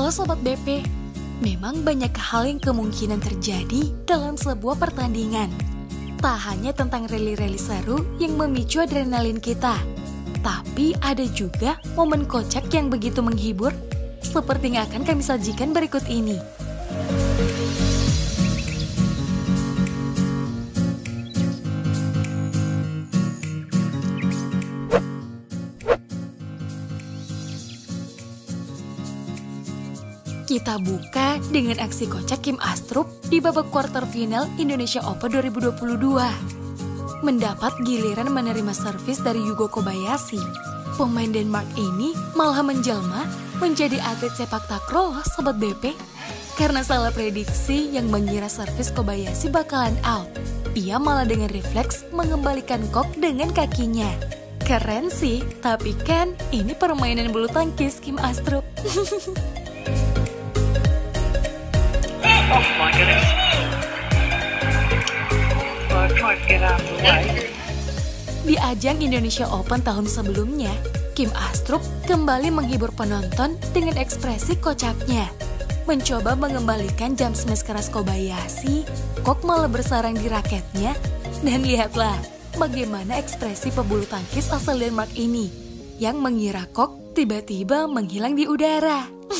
Halo Sobat BP, memang banyak hal yang kemungkinan terjadi dalam sebuah pertandingan. Tak hanya tentang rally-rally seru yang memicu adrenalin kita, tapi ada juga momen kocak yang begitu menghibur seperti yang akan kami sajikan berikut ini. kita buka dengan aksi kocak Kim Astrup di babak quarter final Indonesia Open 2022. Mendapat giliran menerima servis dari Yugo Kobayashi, pemain Denmark ini malah menjelma menjadi atlet sepak takraw sobat BP karena salah prediksi yang mengira servis Kobayashi bakalan out. Ia malah dengan refleks mengembalikan kok dengan kakinya. Keren sih, tapi kan ini permainan bulu tangkis Kim Astrup. Oh my goodness. Di ajang Indonesia Open tahun sebelumnya, Kim Astrup kembali menghibur penonton dengan ekspresi kocaknya. Mencoba mengembalikan jam keras Kobayashi, Kok malah bersarang di raketnya. Dan lihatlah bagaimana ekspresi pebulu tangkis asal Denmark ini yang mengira Kok tiba-tiba menghilang di udara.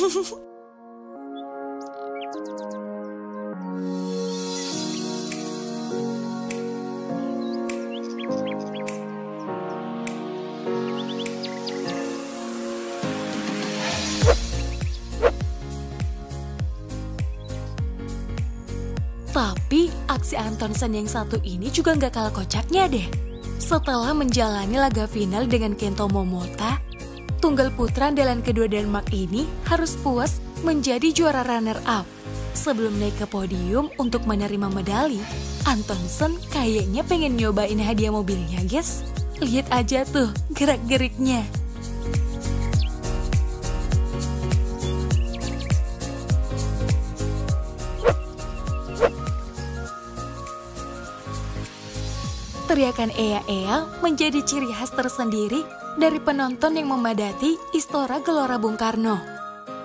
si Antonsen yang satu ini juga nggak kalah kocaknya deh. Setelah menjalani laga final dengan Kento Momota, tunggal putra andalan kedua Denmark ini harus puas menjadi juara runner-up. Sebelum naik ke podium untuk menerima medali, Antonsen kayaknya pengen nyobain hadiah mobilnya, guys. Lihat aja tuh gerak-geriknya. Teriakan ea-ea menjadi ciri khas tersendiri dari penonton yang memadati Istora Gelora Bung Karno.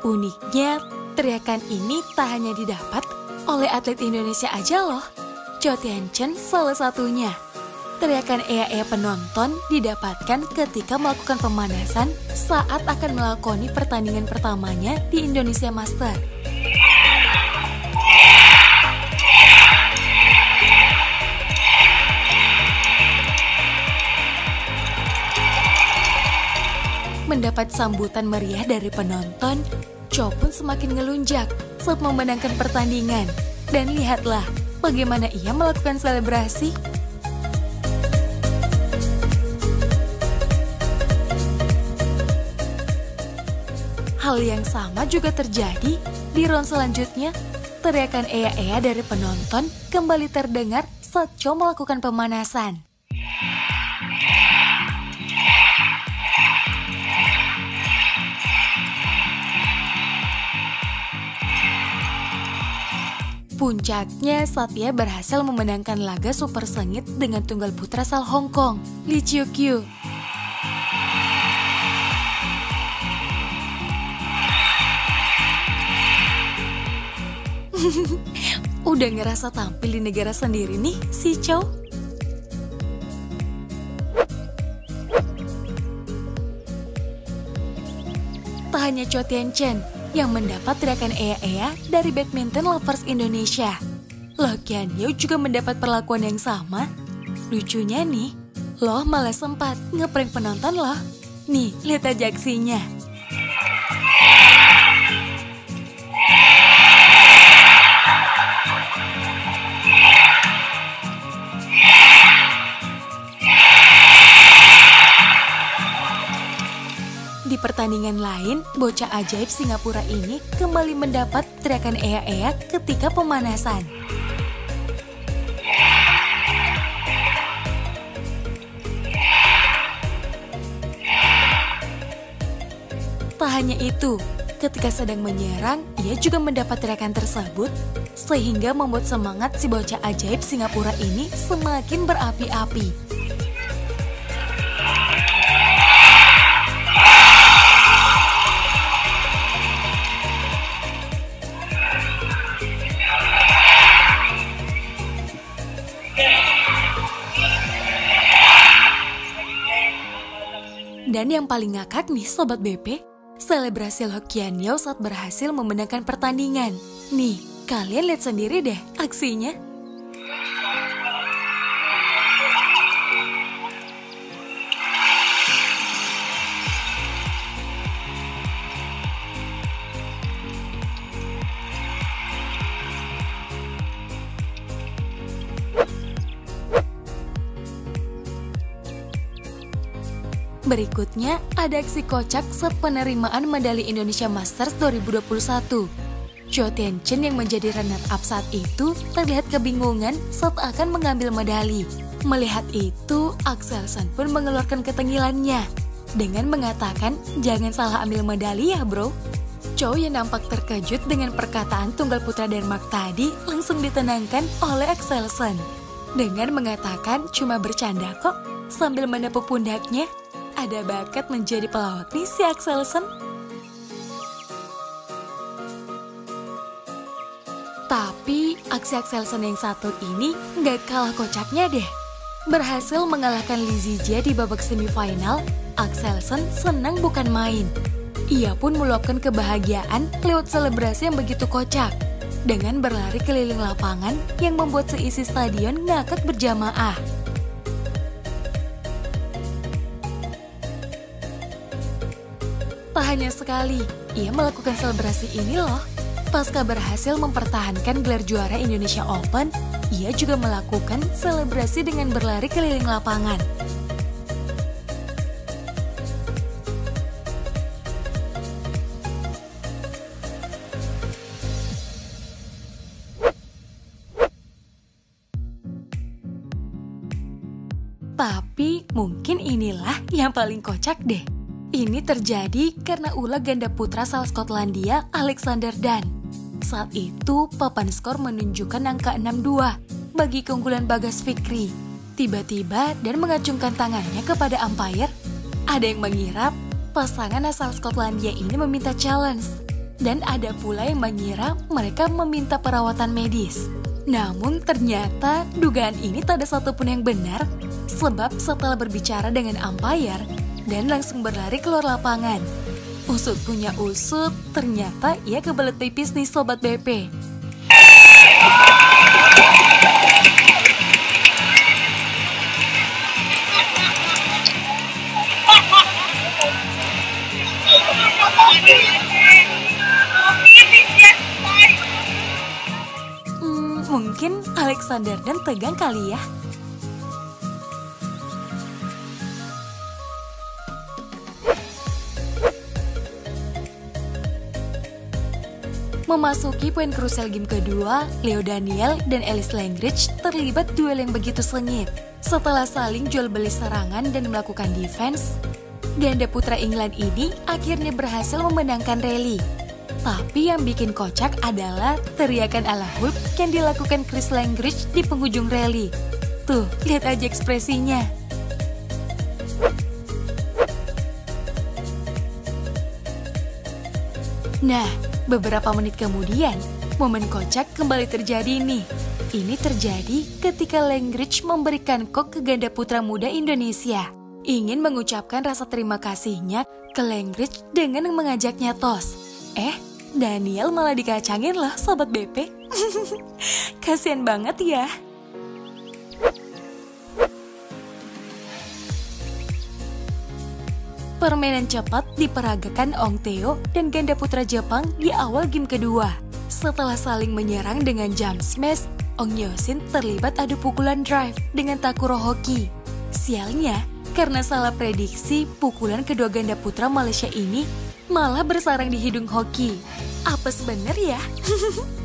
Uniknya, teriakan ini tak hanya didapat oleh atlet Indonesia aja loh. Cho Chen salah satunya. Teriakan ea-ea penonton didapatkan ketika melakukan pemanasan saat akan melakoni pertandingan pertamanya di Indonesia Master. Mendapat sambutan meriah dari penonton, Cho pun semakin ngelunjak saat memenangkan pertandingan. Dan lihatlah bagaimana ia melakukan selebrasi Hal yang sama juga terjadi di round selanjutnya. Teriakan ea-ea dari penonton kembali terdengar saat Cho melakukan pemanasan. Puncaknya, Satya berhasil memenangkan laga super sengit dengan tunggal putra asal Hong Kong, Li Chiu Kyu. Udah ngerasa tampil di negara sendiri nih si Chow? Tak hanya Chow Tian Chen, yang mendapat teriakan ea-ea dari badminton lovers Indonesia. Logianyo juga mendapat perlakuan yang sama. Lucunya nih, loh malah sempat ngeprank penonton loh. Nih, lihat aja aksinya. pertandingan lain, bocah ajaib Singapura ini kembali mendapat teriakan ea-ea ketika pemanasan. Tak hanya itu, ketika sedang menyerang, ia juga mendapat teriakan tersebut sehingga membuat semangat si bocah ajaib Singapura ini semakin berapi-api. yang paling ngakak nih Sobat BP, selebrasi Hokian Yao saat berhasil memenangkan pertandingan. Nih, kalian lihat sendiri deh aksinya. Berikutnya, ada aksi kocak sepenerimaan medali Indonesia Masters 2021. Cho Chen yang menjadi runner-up saat itu terlihat kebingungan saat akan mengambil medali. Melihat itu, Axelsen pun mengeluarkan ketengilannya dengan mengatakan, jangan salah ambil medali ya bro. Cho yang nampak terkejut dengan perkataan tunggal putra Denmark tadi langsung ditenangkan oleh Axelsen dengan mengatakan cuma bercanda kok sambil menepuk pundaknya ada bakat menjadi pelawak nih si Axelsen? Tapi aksi Axelsen yang satu ini nggak kalah kocaknya deh. Berhasil mengalahkan Lizzie J di babak semifinal, Axelsen senang bukan main. Ia pun meluapkan kebahagiaan lewat selebrasi yang begitu kocak dengan berlari keliling lapangan yang membuat seisi stadion ngakak berjamaah. hanya sekali ia melakukan selebrasi ini loh. Pasca berhasil mempertahankan gelar juara Indonesia Open, ia juga melakukan selebrasi dengan berlari keliling lapangan. Tapi mungkin inilah yang paling kocak deh. Ini terjadi karena ulah ganda putra asal Skotlandia Alexander Dan. Saat itu, papan skor menunjukkan angka 6-2 bagi keunggulan Bagas Fikri. Tiba-tiba dan mengacungkan tangannya kepada umpire, ada yang mengira pasangan asal Skotlandia ini meminta challenge. Dan ada pula yang mengira mereka meminta perawatan medis. Namun ternyata dugaan ini tak ada satupun yang benar, sebab setelah berbicara dengan umpire, dan langsung berlari keluar lapangan. Usut punya usut, ternyata ia kebelet pipis nih Sobat BP. Hmm, mungkin Alexander dan tegang kali ya. Memasuki poin krusial game kedua, Leo Daniel dan Alice Langridge terlibat duel yang begitu sengit. Setelah saling jual beli serangan dan melakukan defense, ganda putra England ini akhirnya berhasil memenangkan rally. Tapi yang bikin kocak adalah teriakan ala yang dilakukan Chris Langridge di penghujung rally. Tuh, lihat aja ekspresinya. Nah, Beberapa menit kemudian, momen kocak kembali terjadi nih. Ini terjadi ketika Langridge memberikan kok ke ganda putra muda Indonesia. Ingin mengucapkan rasa terima kasihnya ke Langridge dengan mengajaknya tos. Eh, Daniel malah dikacangin loh sobat BP. Kasian banget ya. permainan cepat diperagakan Ong Teo dan ganda putra Jepang di awal game kedua. Setelah saling menyerang dengan jump smash, Ong Yosin terlibat adu pukulan drive dengan Takuro Hoki. Sialnya, karena salah prediksi, pukulan kedua ganda putra Malaysia ini malah bersarang di hidung Hoki. Apa sebenarnya?